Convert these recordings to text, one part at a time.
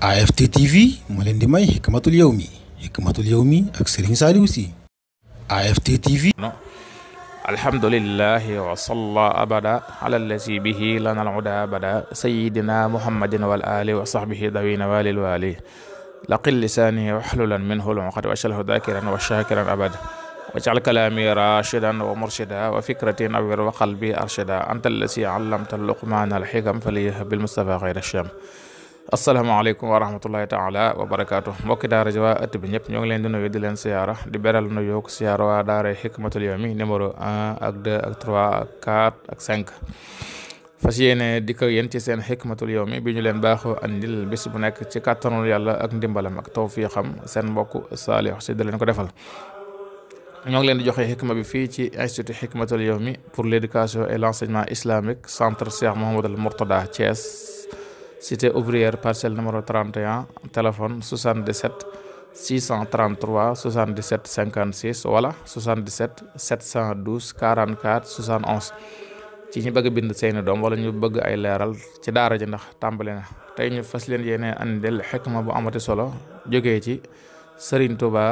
AFT TV moo leen di may Hikmatul Yawmi Hikmatul Yawmi ak Serigne Saliou Sy AFT TV alhamdulillahi wa salla abada ala allazi bihi lana al-huda abada sayyidina muhammadin wal ali wa sahbihi dawina walil wali laqil lisani wahlulan minhu al-uqad waj'alhu dhakiran wa shakiran abada waj'al kalami rashidan wa murshida wa fikrati nawwir wa qalbi arshida anta allazi 'allamta luqmana al-hikam falyahab bil mustafa ghayra sham asalaamaaleykum wa rahmatullahi taala wa barakaatu mbokki daara waa ëtt bi ñëpp ñoo ngi leen di nuyu di leen siyaara di beral nu yook siyaara waa daara xikmatul yawmi numéro 1 ak 2 ak 3 ak 4 ak 5 fas yéene di ko yéen ci seen xikmatul yawmi bi ñu leen baaxoo andil bis bu nekk ci kàttanul yàlla ak ndimbalam ak tawfiixam seen mbokk saalix si da leen ko defal ñoo ngi leen di joxe xikma bi fii ci institut xikmatul yawmi pour l' éducation et l' enseignement islamique centre Cheikh Mouhamadou cité ouvrière parcelle numéro 31 téléphone 77 633 77 56 wala 77 712 44 71 ci ñi bëgg bind seeni doom wala ñu bëgg ay leeral ci daara ji ndax tàmbali na tey ñu fas leen yéene andil xikma bu amati solo jógee ci Serigne Touba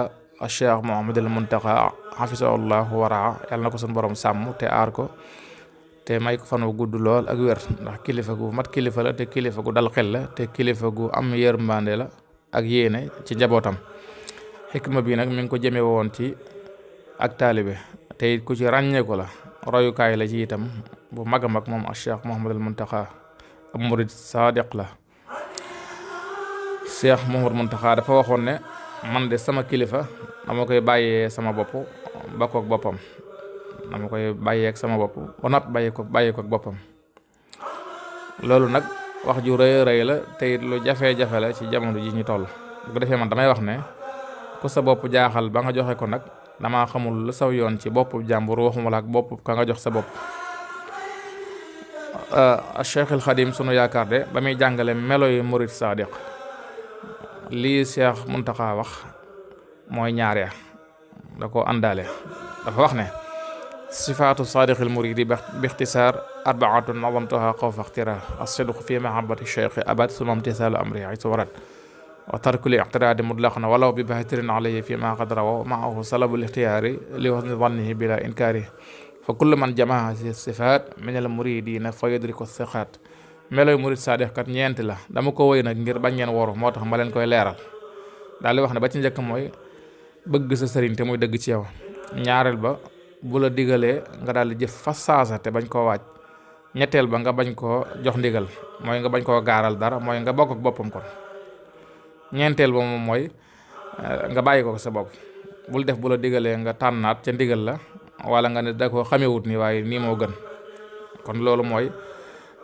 Cheikh Mouhamadul Muntaqa xafisahullahu waraa yàlla na ko suñu borom sàmm te aar ko te may ko gudd lool ak wér ndax kilifa gu mat kilifa la te kilifa gu dal xel la te kilifa gu am yërmande la ak yéene ci njabootam xikma bii nag mi ngi ko jëme woon ci ak taalibe tey ku ci ràññeeku la royukaay la ci itam bu mag a mag moom ak Cheikh Mouhamadul Muntaxa ab murid saadiq la Cheikh Mouhamadul Muntaxa dafa waxoon ne man de sama kilifa dama koy bàyyee sama bopp ba kook boppam dama koy bàyyeek sama bopp ba noppi bàyyi ko bàyyi ak boppam loolu nag wax ju rëy rëy la te lu jafe-jafe la ci jamono ji ñu toll bu defee man damay wax ne ku sa bopp jaaxal ba nga joxe ko nag dama xamul lu saw yoon ci boppu jàmbur waxuma la ak bopp ka nga jox sa bopp ah, Cheikhul Xadim sunu yaakaar de ba muy jàngale melo yu murid sadiq lii Cheikh Muntaxa wax mooy ñaar ya da ko àndaale dafa wax ne sifaatu saadiqil muridi bixtisaar arbaatun nazamtuha xawfa ixtiraar as-sidqu fi mahabbati cheikhi abad suma imtisaalu amri aysu warat wa tarkul ictiraadi mutlaqan walaw bi bahtirin alayhi fi ma qad rawa maahu salabul ixtiyaari li husni zannihi bila inkaari fa kullu man jamaa haazihi sifaat min al muridina fa yudriku siqaat meloy murid saadiq kat ñeenti la dama ko woy nag ngir bañ ngeen woru moo tax ma leen koy leeral daal di wax ne ba ci njëkk mooy bëgg sa bu la digalee nga daal di jëf fas saasa te bañ koo waaj ñetteel ba nga bañ koo jox ndigal mooy nga bañ koo gaaral dara mooy nga bokk boppam kon ñeenteel ba moom mooy eh, nga bàyyi ko sa bopp bul def bu la digalee nga tànnaat ca ndigal la wala nga ne da koo xamewut ni waaye nii moo gën kon loolu mooy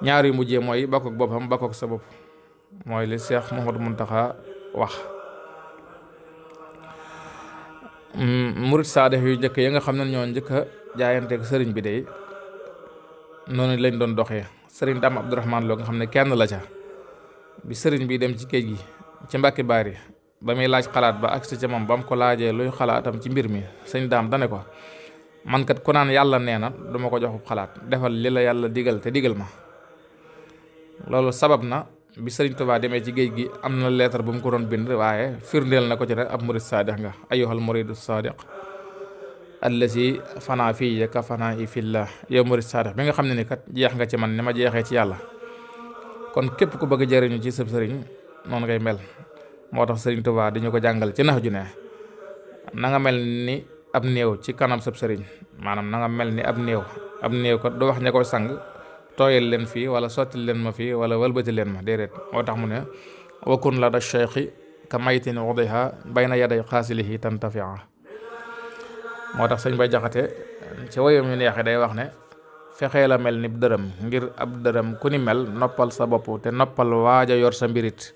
ñaar yu mujjee mooy bokk ak boppam bokk sa bopp mooy li Cheikh Mouhamadou Mountakha wax Mm, murit saadix yu njëkk ya nga xam ne ñoo njëkk a jaayanteeg sëriñ bi de noonu lañ doon doxee sëriñ Dame Abdourahmane Lo nga xam ne kenn la ca bi sëriñ bi dem ci géej gi ci baar yi ba muy laaj xalaat ba agsi ca moom ba mu ko laajee luy xalaatam ci mbir mi sëñ daam dane ko man kat ku naan yàlla nee na duma ko joxub xalaat defal li la yàlla digal te digal ma loolu sabab na bi Sëriñ Tuubaa demee ci géej gi am na lettre bu mu ko doon bind waaye firndeel na ko ci rek ab murid saadiq nga ayyuhal muridu saadiq allazi fanaa fii ka fanaa yi fillah yow murid saadiq bi nga xam ne ni kat jeex nga ci man ni ma jeexee ci yàlla kon képp ku bëgg jëriñu ci sëb sëriñ noonu ngay mel moo tax Sëriñ Tuubaa dañu ko jàngal ci nax ju ne nanga mel ni ab néew ci kanam sëb sëriñ maanaam na nga mel ni ab néew ab néew kat du wax ña koy sang tooyal leen fii wala sottil leen ma fii wala walbati leen ma déedéet moo tax mu ne wakun la da cheikhi ka maytin wadiha bayna yaday xaasilihi tantafia moo tax sëñ ba jaxate ci woyam ñu day wax ne fexee la mel ni dërëm ngir ab dërëm ku mel noppal sa bopp te noppal waaja yor sa mbirit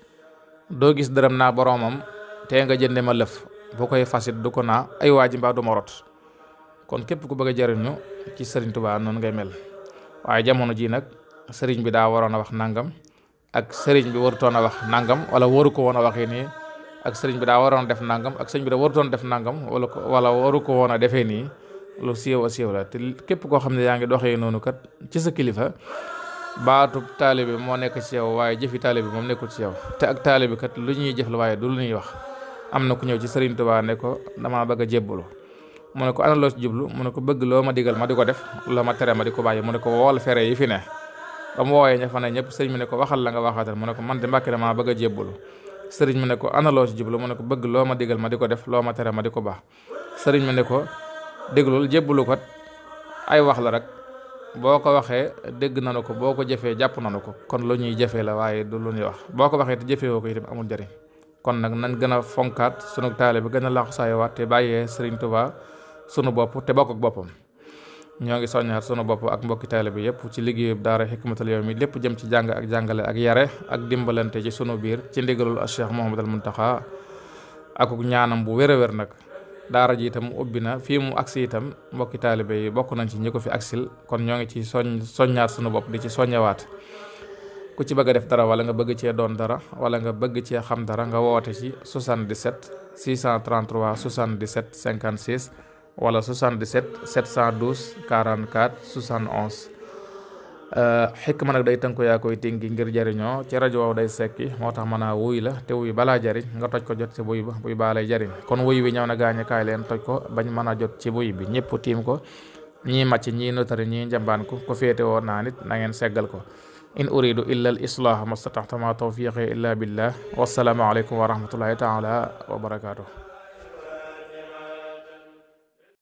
doo gis dërëm naa boroomam tee nga jënde ma lëf boo koy fasit du ko naa ay waaji mbaa du ma rot kon képp ku bëgg a jariñu ci Sëriñ tubaa noonu ngay mel waaye jamono ji nag sëriñ bi daa waroon a wax nangam ak sëriñ bi warutoon a wax nangam wala waru ko woon a waxee nii ak sëriñ bi daa waroon def nangam ak sëriñ bi daa warutoon def nangam wala wala waru ko woon a defee nii lu siiw a siiw la te képp koo xam ne yaa ngi doxee noonu kat ci sa kilifa baatub taalibe moo nekk ci yow waaye jëfi taalibe moom nekkul ci yow te ak taalibe kat lu ñuy jëf la waaye du lu ñuy wax am na ku ñëw ci sëriñ Tuubaa ne ko damaa bëgg a jébbalu mu ne ko ana jublu mu ne ko bëgg loo ma digal ma di ko def loo ma tere ma di ko bàyyi mu ne ko wool fere yi fi ne ba mu wooyee ña fa ne ñëpp sëriñ bi ne ko waxal la nga waxaatal mu ne ko man de mbàkke damaa bëgg a jébbalu sëriñ bi ne ko ana loo jublu mu ne ko bëgg loo ma digal ma di ko def loo ma tere ma di ko baax sëriñ bi ne ko déglul jébbalu ko ay wax la rek boo ko waxee dégg nanu ko boo ko jëfee jàpp nanu ko kon lu ñuy jëfee la waaye du lu ñuy boo ko waxee te jëfee woo ko amul njëriñ kon nag a fonkaat sunu taale bi gën a laaxu saayowaat te bàyyee sëriñ Tuubaa sunu bopp te bokk ak boppam ñoo ngi soññaat sunu bopp ak mbokki taalibe bi yëpp ci liggéeyub daara Hikmatul mi lépp jëm ci jàng ak jàngale ak yare ak dimbalante ci sunu biir ci ndigalul Cheikh Mouhamadul taxa ak ñaanam bu wér a nag daara ji itam ubbi na fii mu agsi itam mbokki taalibe yi bokk nañ ci ñi ko fi agsil kon ñoo ngi ci soñ soññaat sunu bopp di ci soññewaat ku ci bëgg a def dara wala nga bëgg cee doon dara wala nga bëgg cee xam dara nga woote ci 77 633 77 wala 77 712 44 71 ma nag day tënku yaa koy tingi ngir jariñoo ci rajo day sekki moo tax mën a wuy la te wuy balaa jariñ nga toj ko jot ci buy ba buy baa lay jariñ kon wuy wi ñëw na gaañe kaay leen toj ko bañ mën a jot ci buy bi ñëpp tiim ko ñii màcc ñii notari ñii njambaan ko ko féete woon naa nit na ngeen seggal ko in uridu illa al islah mastataxtama tawfiqi illa billah wasalaamu aleykum wa rahmatullahi taala